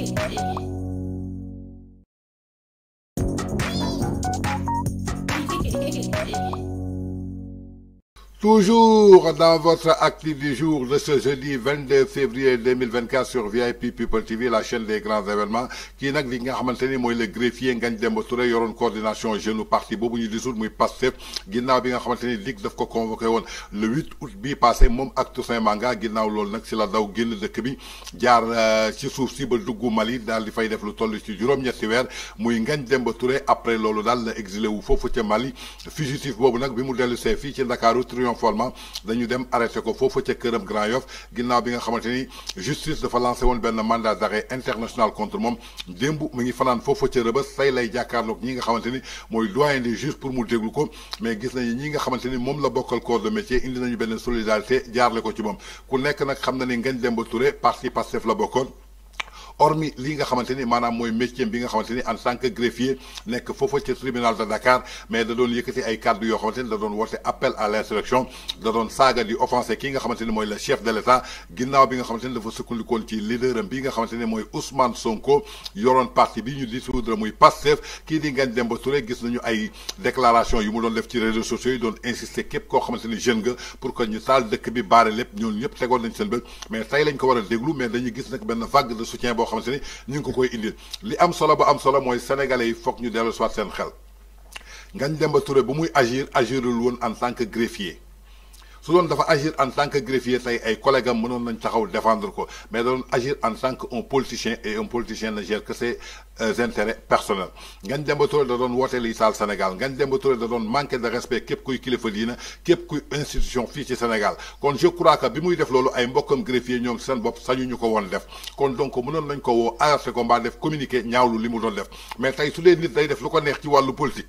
Thank you. Toujours dans votre actif du jour de ce jeudi 22 février 2024 sur VIP People TV la chaîne des grands événements qui n'a li nga xamante ni mooy le greffier Ngagne Demba Touré coordination jeune parti boobu ñu disout muy Pastef ginnaaw bi nga xamante ni lig daf ko convoqué le 8 août bi, passé mon acte saint Manga ginnaaw loolu nag si la daw génn dëkk bi jaar euh, ci suuf si ba dugg Mali dans di fay def lu toll ci juróom-ñetti weer muy Ngagne Demba après loolu daal la exilé wu faut-il Mali fugitif boobu nag bi mu dellu see fii ci Ndakaaru ñoom dañu dem arrêté ko fofu ci kërëm Grand Yoff ginnaw bi nga xamanteni justice dafa lancé won ben mandat d'arrêt international contre mom dembu mu ngi fanaan fofu ci rëbës say lay jakarlo ñi nga xamante ni doyen des juges pour mu déglu ko mais gis nañu ñi nga xamanteni mom la bokal corps de métier indi nañu ben solidarité jaarle ko ci mom ku nekk nak xam na ni Ngagne Demba Touré parti Pastef la bokkoon hormis li nga xamanteni manam moy métier bi nga xamanteni en tant que greffier nek fofu ci tribunal de Dakar mais da doon yëkëti ay cadre yo xamanteni da doon woote appel à l'insurrection da doon saga di offensé ki nga xamanteni moy le chef de l'État ginnaw bi nga xamante ni dafa sukkandikoon ci leader bi nga xamanteni moy Ousmane Sonko yoroon parti bi ñu dissoudre muy Pastef kii di dem ba Touré gis nañu ay déclaration yu mu doon def ci réseaux sociaux yi doon insister képp koo xamanteni jeune nga pour que ñu taal dëkk bi baare lépp ñoom ñëpp tegoon nañ seen mais tey lañ ko war a déglu mais dañuy gis nag benn vague de soutien boo les ñu ngi koy indil li am solo ba am solo sénégalais yi foog ñu dellu soit seen xel les ba Touré agir agirul woon en tant que greffier su doon dafa agir en tant que greffier tey ay collègues am mënoon nañ taxaw défendre ko mais doon agir en tant qu'un politicien et un politicien ne gère que ses euh, intérêts personnels Ngagne Demba Touré da doon woote liy taal Sénégal Ngagne Demba Touré da doon manquer de respect qu'il kuy dire, qu'est-ce kuy institution fiche ci Sénégal kon je crois que bi muy def loolu ay comme greffier ñoom seen bopp sañuñu ko woon def kon donc mënoon nañ ko woo alerté combat, mbaa def communiquer, ñaawlu li mu doon def mais tey su dee nit day def lu ko neex ci wàllu politique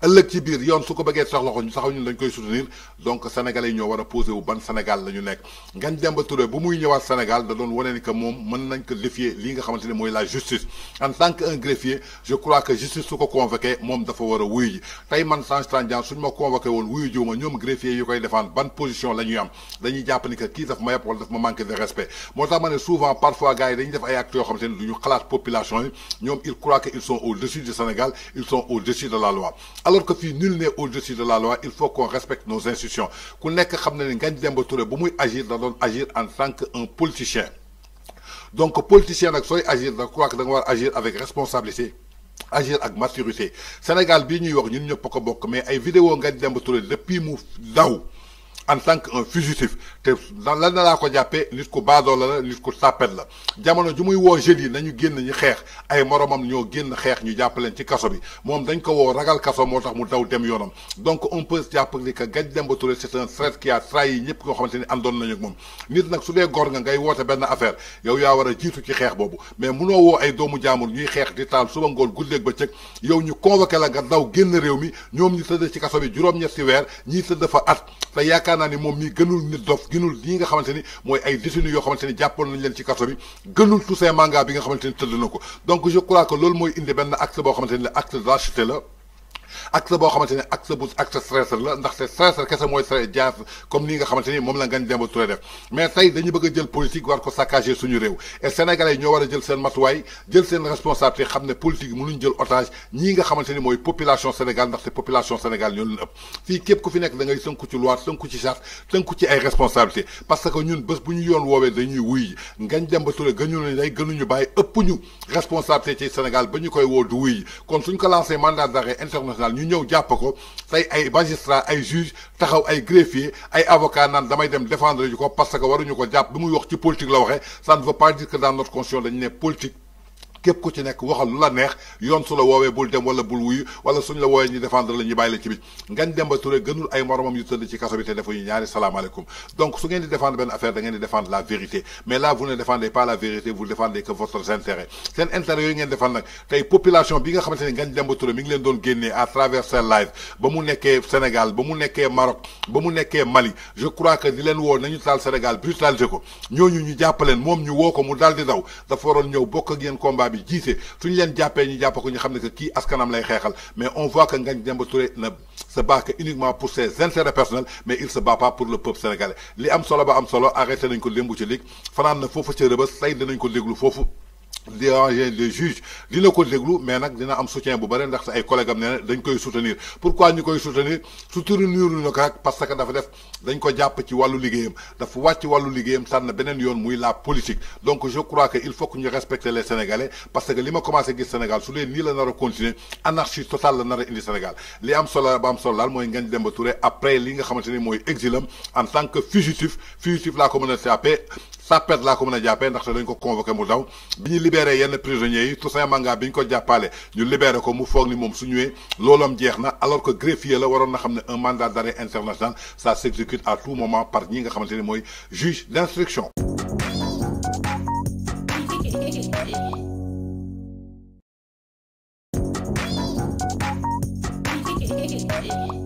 ëllëg ci biir yoon su ko bëggee soxla ko ñu saxaw ñun dañ koy soutenir donc sénégalais yi ñoo war a posé wu ban Sénégal la ñu nekk Ngagne Demba Touré bu muy ñëwaat Sénégal da doon wane ni que moom mën nañ ko défier li nga xamante ne la justice en tant que un greffier je crois que justice su ko convoqué moom dafa war a wuyu ji tey man Tange Tandian suñ ma convoqué woon wuyu jiw greffier yu koy défendre ban position la ñuy am dañuy jàpp ni que kii daf ma pour wala daf ma manqué de respect moo tax ma souvent parfois gars yi dañuy def ay acte yoo xamante ne du population yi ñoom ils croient que ils sont au-dessus du Sénégal ils sont au-dessus de la loi alors que si nul n'est au-dessus de la loi il faut qu'on respecte nos institutions ku nekk ne Touré bu muy agir da agir en tant que politicien donc politicien agir da quoi que agir avec responsabilité agir avec maturité Sénégal nous ñuy wax ñun ko mais vidéo depuis mu en tant qu'un fugitif te lan la laa ko jàppe nit ku baadoola la nit ku sàppet la jamono ju muy woo jeunes yi nañu génn ñu xeex ay moromam ñoo génn xeex ñu jàppaleen ci kaso bi moom dañ ko woo ragal kaso moo tax mu daw dem yoonam donc on peut jàpp ni que Ngagne Demba Touré c'est un traître qui a trahi ñëpp koo xamante ni àndoon nañu ak moom nit nag su dee gor nga ngay woote benn affaire yow yaa war a jiitu ci xeex boobu mais munoo woo ay doomu jaamur ñuy xeex di taal suba ngoon guddeeg bëccëg yow ñu convoqué la nga daw génn réew mi ñoom ñu tëdd ci kaso bi juróom-ñetti weer ñii tëdd fa at te yaakaar naa ni moom mii gënul nit dof gënul lii nga xamante mooy ay détenus yoo xamante ni jàppoon nañ ci kaso bi gënul tous ces manga bi nga xamante ni ko donc je crois que mooy indi benn acte boo xamante ni acte de lâcheté acte bo xamanteni xamante ne acte bu acte stress la ndax ndaxte stress kessa moy jaas comme ni nga xamanteni mom la Ngagne Demba Touré def mais tey dañu bëgg jël politique war ko saccager suñu rew et sénégalais ñoo wara jël sen matuwaay jël sen responsabilité xam politique mënuñ jël otage ñii nga xamanteni moy population Sénégal ndax ndaxte population Sénégal ñoo leen ëpp fii képp ku fi nek da ngay tënku ci loi tënku ci charte tënku ci ay responsabilité parce que ñun bëss bu ñu yoon wowe dañuy wuy Ngagne Demba Touré ñu lay gënuñu bàyyi ëpp ñu responsabilité ci Sénégal bañu koy woo du wuy kon suñ ko lancé mandat d'arrêt international ñu ñëw jàpp ko tey ay magistrat ay juge taxaw ay greffier ay avocat dem défendre ko parce que waruñu ko jàpp bi wax politique la ça ne veut pas dire que dans notre conscience, politique képp ko ci nek waxal lu la neex yon su la woowee bul dem wala bul wuyu wala suñ la woowee ñu défendre la ñu bàyyi la ci bit dem ba Touré gënul ay moromam yu tëdd ci kasso bi te defuñu ñaari salam salaamaaleykum donc su ngeen di défendre ben affaire da ngeen di défendre la vérité mais là vous ne défendez pas la vérité vous défendez que votre intérêt sen intérêt yooyu ngeen défendre nak tay population bi nga xamante ne dem ba Touré mi ngi leen doon génnee à travers seen live ba mu nekkee Sénégal ba mu nekkee Maroc ba mu nekkee Mali je crois que di leen wo nañu taal Sénégal brutalisé ko ñoo ñu jàppaleen mom ñu wo ko mu daal di daw da waroon ñew bokk ak yéen combat état bi jiite suñu leen jàppee ñu jàpp ko ñu xam ne que kii askanam lay xeexal mais on voit que Ngagne Demba Touré ne se bat que uniquement pour ses intérêts personnels mais il se bat pas pour le peuple sénégalais li am solo ba am solo arrêté nañ ko lémbu ci lig fanaan na foofu ci rëbës say dinañ ko déglu foofu déranger les juges dina ko déglu mais nak dina am soutien bu bëri ndax ay collègues am ne dañ koy soutenir pourquoi ñukoy soutenir soutenir niiruñu ko nak parce que dafa def dañ ko japp ci walu liggéeyam dafa wacc walu liggéeyam tànn benen yoon muy la politique donc je crois que il faut que ñu respecte les sénégalais parce que li ma commencé gis Sénégal sous les ni la nar a continuer anarchie totale la nar a indi Sénégal li am solo ba am solo moy ngañ dem ba Touré après li nga xamanteni moy exilam en tant que fugitif fugitif la communauté à ça pète ko mën a jàppee ndaxte dañ ko convoqué mu daw libéré yenn prisonniers Tout ça Manga bi ko jàppaale ñu libéré ko mu fogg ni mom su ñëwee l'olom alors que greffier la waron na un mandat d'arrêt international ça s'exécute à tout moment par ñi nga moy juge d'instruction